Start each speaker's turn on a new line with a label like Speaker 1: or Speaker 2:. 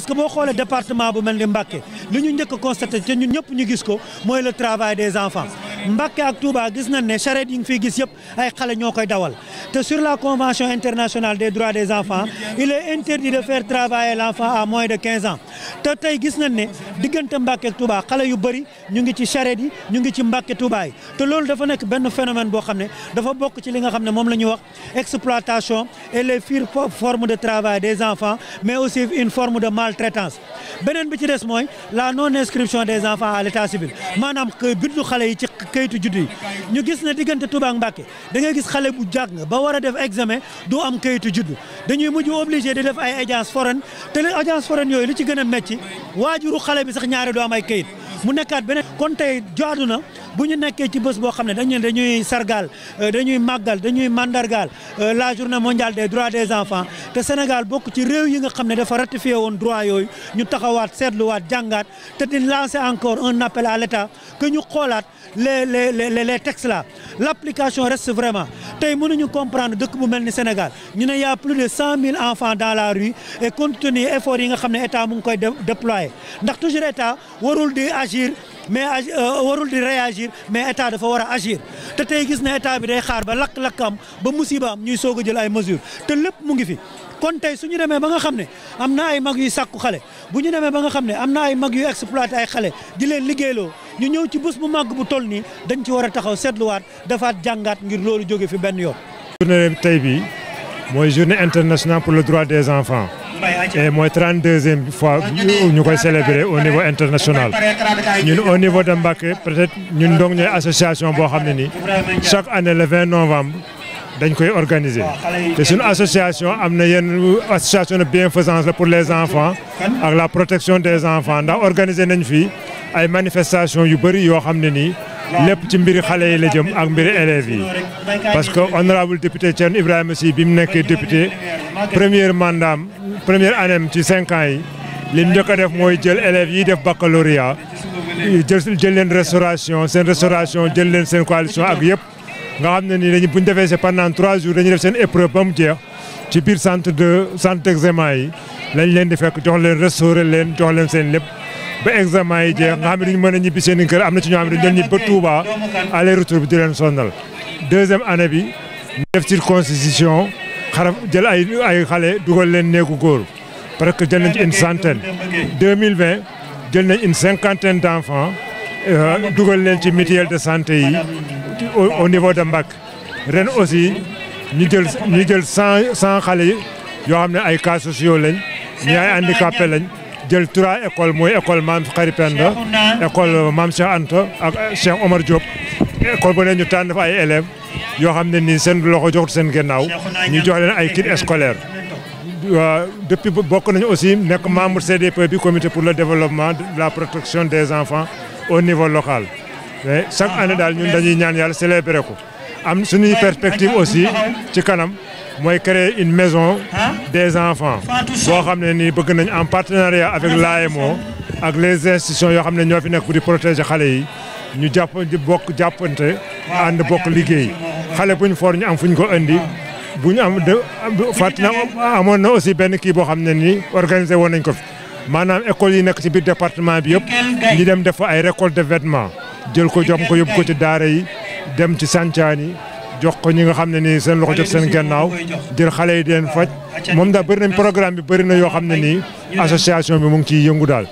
Speaker 1: parce que boo xoolee département bu mel ni Mbacké li ñu njëkk a te ñun ñëpp ñu gis ko mooy le travail des enfants Mbacké ak Touba gis nañ ne charrette yi nga fiy gis yëpp ay xale ñoo koy dawal te sur la convention internationale des droits des enfants il est interdit de faire travailler l'enfant à moins de 15 te tey gis nañ ne diggante Mbàkke ak Touba xale yu bari ñu ngi ci charrette yi ñu ngi ci Mbàkke Touba yi te loolu dafa nekk benn phénomène boo xam ne dafa bokk ci li nga xam ne moom la ñuy wax exploitation et les pires formes de travail des enfants mais aussi une forme de maltraitance beneen bi ci des mooy la non inscription des enfants à l'état civil maanaam bindu xale yi ci kayitu juddu yi ñu gis ne diggante Touba ak Mbàkke da ngay gis xale bu nga ba war a def examen du am kayitu juddu dañuy mujj obligé di def ay audience foraine te les audience foraine yooyu li ci waajuru xale bi sax ñaare du am ay kayit mu nekkaat bene kon tey jaadu na bu ñu nekkee ci bës boo xam ne dañu dañuy sargal euh, dañuy màggal dañuy màndargal euh, la journée mondiale des droits des enfants te Sénégal bokk ci réew yi nga xam ne dafa ratifié woon droit yooyu ñu taxawaat seetluwaat jàngaat te di lancer encore un appel à l'État ñu xoolaat le les les les textes là l'application reste vraiment tey mënuñu comprendre dëkk bu mel ni Sénégal ñu ne y a plus de cent mille enfants dans la rue et compte tenu yi nga xam ne état mu ngi koy déployer ndax toujours état warul agir. mais euh, warul di réagir mais état dafa war a agir te tey gis na état bi day xaar ba lakk-lakk am ba musiba am ñuy soog a jël ay mesures te lépp mu ngi fi kon tey su ñu demee ba nga xam ne am na ay mag yu sàkku xale bu ñu demee ba nga xam ne am na ay mag yu exploité ay xale di leen liggéeyloo ñu ñëw ci bés bu màgg bu toll nii dañ ci war a taxaw seetluwaat defaat jàngaat ngir loolu jóge fi benn yoon.
Speaker 2: tey bi mooy journée internationale pour le droit des enfants et mooy 32e fois ñu koy célébrer au niveau international ñun au niveau de Mbacké peut-être ñun dong ñooy association boo xam ne ni chaque année le 20 novembre dañ koy organiser te suñu association am na yenn association de bienfaisance la pour les enfants ak la protection des enfants ndax organiser nañ fii ay manifestations yu bëri yoo xam ne nii lépp ci mbiri xale yi la jëm ak mbiri élèves yi parce que honorable député cen Ibrahima Sy bi mu nekkee député première mandaam première année ci cinquants yi li mu njëkk def mooy jël élèves yi def baccalauréat jël jël leen restauration seen restauration jël leen seen coalition ak yëpp nga xam ne ni dañu bu ñu defee se pendant trois jours dañuy def seen épreuve ba mu jeex ci biir centre de centre d'examen yi lañ leen di fekk jox leen restauré leen jox leen seen lépp ba examen yi jeex nga xam ne duñu mën a ñibbi seeni i kër am na ci ñoo xam ne dañu ñibbi ba Touba aller bi di leen sonnal deuxième année bi ñu def circoncision xaraf jël ay ay xale dugal leen néegu góor parce que jël nañ ci une centaine mille vingt jël nañ une cinquantaine d' enfants euh, dugal leen ci mutuelle de santé yi au niveau de Mbacké ren aussi ñu jël ñu jël cent cent xale yi yoo xam ne ay cas sociaux lañ ñi ay handicapé lañ jël trois école mooy école maam Khary Penda école maam Cheikh Anta ak Omar Diop école bu ne ñu tànn fa ay élèves yoo xam ne nii seen loxo joxut seen gannaaw ñu jox leen ay kits scolaires. depuis bokk nañu aussi nekk membre CDP bi comité pour le développement la protection des enfants au niveau local mais chaque année daal ñun dañuy ñaan yàlla célébrer ko. am suñuy perspective aussi ci kanam mooy créer une maison des enfants boo xam ne nii bëgg nañ en partenariat avec l'AMO ak les institutions yoo xam ne ñoo fi nekk di protéger xale yi ñu jàpp bokk jàppante ànd bokk liggéey xale buñ for ñu am fuñ ko indi bu ñu am fàttali na amoon na aussi benn kii boo xam ne nii organisé woon nañ ko fi maanaam école yi nekk ci biir département bi yëpp ñu dem def ay récolte de vêtements jël ko jox ko yóbbu ko ci daara yi dem ci sàncaan yi jox ko ñi nga xam ne nii seen loxo jot seen gannaaw jël xale yi deen faj moom daal bëri nañ programme bi bëri na yoo xam ne nii association bi mu ngi ciy yëngu daal